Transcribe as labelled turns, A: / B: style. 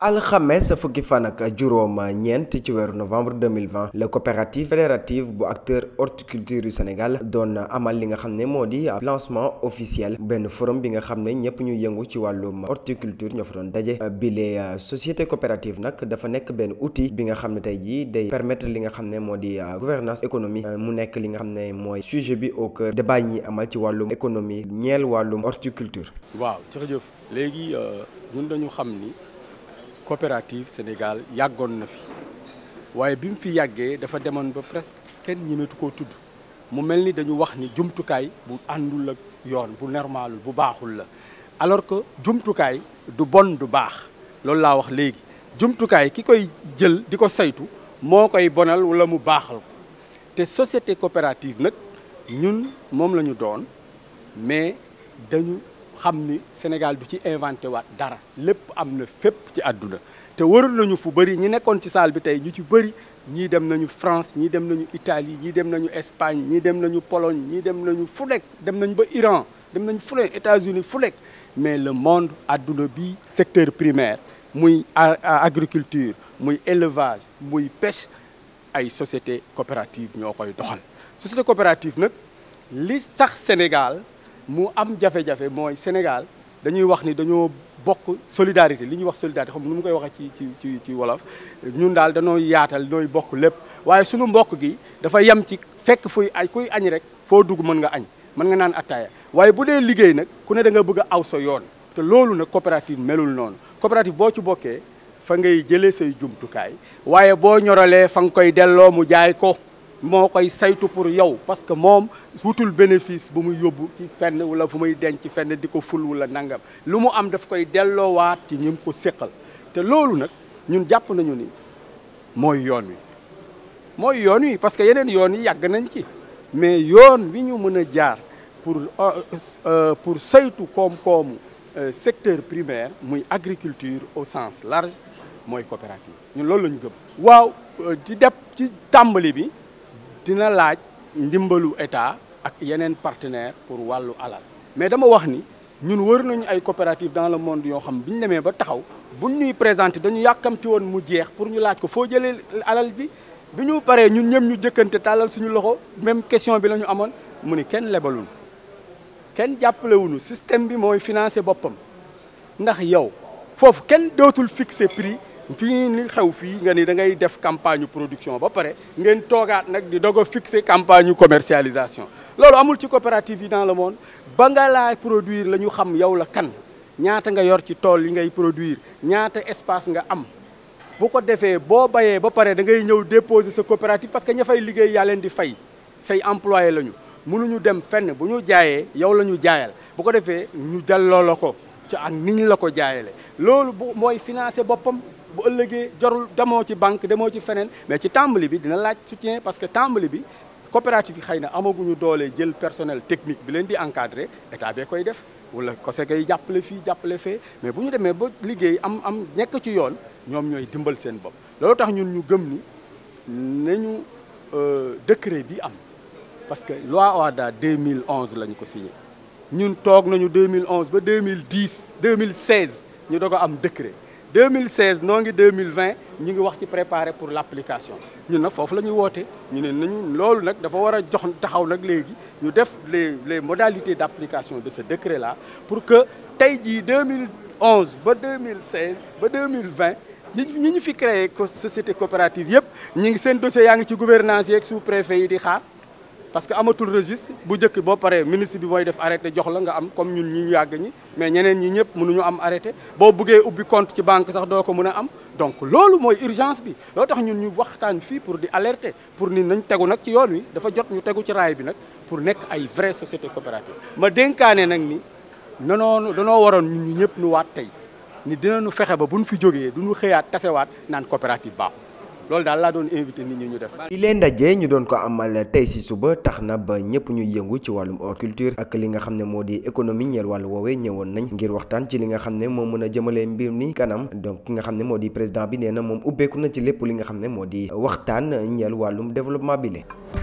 A: alxames fukki fan ak juróom ñeent ci weeru novembre 2020 la coopérative fédérative bu acteur horticulture yu Sénégal doon amal li nga xam ne moo di lancement officiel benn forum bi nga xam ne ñëpp ñu yëngu ci wàllum horticulture ñoo fa doon daje bile société coopérative nag dafa nekk benn uti bi nga xam ne tey jii day permettre li nga xam ne moo di euh, gouvernance économie euh, mu nekk li nga xam ne mooy sujet bi au cœur débat ñi amal ci wàllu économie ñeel wàllum horticulture.
B: waaw jërëjëf euh, coopérative Sénégal yàggoon na fi waaye bi mu fi yàggee dafa demoon ba presque kenn ñimetu koo tudd mu mel ni dañu wax ni jumtukaay bu àndul ak yoon bu normalul bu baaxul la alors que jumtukaay du bon du baax loolu laa wax léegi jumtukaay ki koy jël di ko saytu moo koy bonal wala mu baaxal ko te société coopérative nag ñun moom lañu ñu doon mais dañu xam ni Sénégal du ci inventé waat dara lépp am na fépp ci adduna te warul nañu fu bëri ñi nekkoon ci salle bi tey ñu ci bëri ñii dem nañu France ñii dem nañu Italie ñii dem nañu Espagne ñii dem nañu Pologne ñii dem nañu fu nekk dem nañu ba Iran dem nañu fu nekk États-Unis fu nekk mais le monde adduna bi secteur primaire muy agriculture muy élevage muy pêche ay société coopérative ñoo koy doxal société coopérative nag li sax Sénégal mu am jafe-jafe mooy Sénégal dañuy wax ni dañoo bokk solidarité li ñuy wax solidarité xam nu mu koy waxee ci ci ci ci wolof ñun daal dañoo yaatal nooy bokk lépp waaye suñu mbokk gi dafa yem ci fekk fuy ay kuy añ rek foo dugg mën nga añ mën nga naan attaaya waaye bu dee liggéey nag ku ne da nga a aw sa yoon te loolu nag coopérative melul noonu coopérative boo ci bokkee fa ngay jëlee say jumtukaay waaye boo ñoralee fa nga koy delloo mu jaay ko moo koy saytu pour yow parce que moom wutul bénéfice bu muy yóbbu ci fenn wala fu may denc ci fenn di ko ful wala nangam lu mu am daf koy delloowaat ci ñi ko séqal te loolu nag ñun jàpp nañu ni mooy yoon wi mooy yoon wi parce que yeneen yoon yi yàgg nañ ci mais yoon wi ñu mën a jaar pour euh, pour saytu koom-koomu euh, secteur primaire muy agriculture au sens large mooy coopérative ñun loolu la ñu gëm waaw euh, ci def ci tàmbali bi dina laaj ndimbalu état ak yeneen partenaire pour wàllu alal mais dama wax ni ñun wër nañu ay coopérative dans le monde yoo xam bi ñu demee ba taxaw bu ñuy présenté dañu yàkkamti woon mu jeex pour ñu laaj ko foo jëlee alal bi bi ñu paree ñun ñëm ñu jëkkante tàllal suñu loxo même question bi la ñu amoon mu ni kenn lebalul kenn jàppalewuñu système bi mooy financé boppam ndax yow foofu kenn dootul fixé prix fii ni xew fii nga ni dangay def campagne production ba pare ngeen toogaat nag di doog a fixer campagne commercialisation loolu amul ci coopérative yi dans le moon ba nga laay produire la ñu xam yow la kan ñaata nga yor ci tool yi ngay produire ñaata espace nga am bu ko defee boo bayee ba pare da ngay ñëw déposé sa coopérative parce que ña fay liggéey yaa leen di fay say employé la ñu mënuñu dem fenn bu ñu jaayee yow la ñu jaayal bu ko defee ñu delloo la ko ci ak niñ la ko jaayale loolu bu mooy financer boppam bu ëllëgee jorul demoo ci banque demoo ci feneen mais ci tàmbali bi dina laaj soutien parce que tàmbali bi coopérative yi xëy na amaguñu doole jël personnel technique bi leen di encadrer état bee koy def wala kose gay jàppale fii jàppale fee mais bu ñu demee ba liggéey am am nekk ci yoon ñoom ñooy dimbal seen bopp loolu tax ñun ñu gëm ni nañu euh, décret bi am parce que loi OHADA 2011 la ñu ko signé ñun toog nañu deux mille 2011 ba mille mille 2016 ñu doog a am décret 2016 noo ngi 2020 ñu ngi wax ci préparer pour l'application ñun nag foofu la ñuy woote ñu ne nañu loolu nag dafa war a jox taxaw nag léegi ñu def les les modalités d'application de ce décret là pour que tey jii 2011 ba deux mille 2016 ba deux 2020 ñi ñu fi créé société coopérative yëpp ñu ngi seen dossier yaa ngi ci gouvernance yeeg su préfet yi di xaar. parce que amatul registre bu njëkk boo paree ministre bi mooy def arrêté jox la nga am comme ñun ñu yàgg ñi mais ñeneen ñi ñëpp mënuñu am arrêté boo buggee ubbi compte ci banque sax doo ko mën a am donc loolu mooy urgence bi loo tax ñun ñu waxtaan fii pour di alerter pour ni nañ tegu nag ci yoon wi dafa jot ñu tegu ci raay bi nag pour nekk ay vraie société coopérative ma dénkaane nag ni nanoonu danoo waroon ñun ñu ñëpp nu waat tey ni dina dinañu fexe ba buñ fi jógee duñu xëyaat tasewaat naan coopérative baaxul loolu daal laa doon invité nit ñi ñu def.
A: li leen ndaje ñu doon ko amal tey si suba tax na ba ñëpp ñu yëngu ci wàllum horticulture ak li nga xam ne moo di économie ñeel wàllu woowee ñëwoon nañ ngir waxtaan ci li nga xam ne moo mën a jëmalee mbir mi kanam donc ki nga xam ne moo di président bi nee na moom ubbeeku na ci lépp li nga xam ne moo di waxtaan ñeel wàllum développement bi le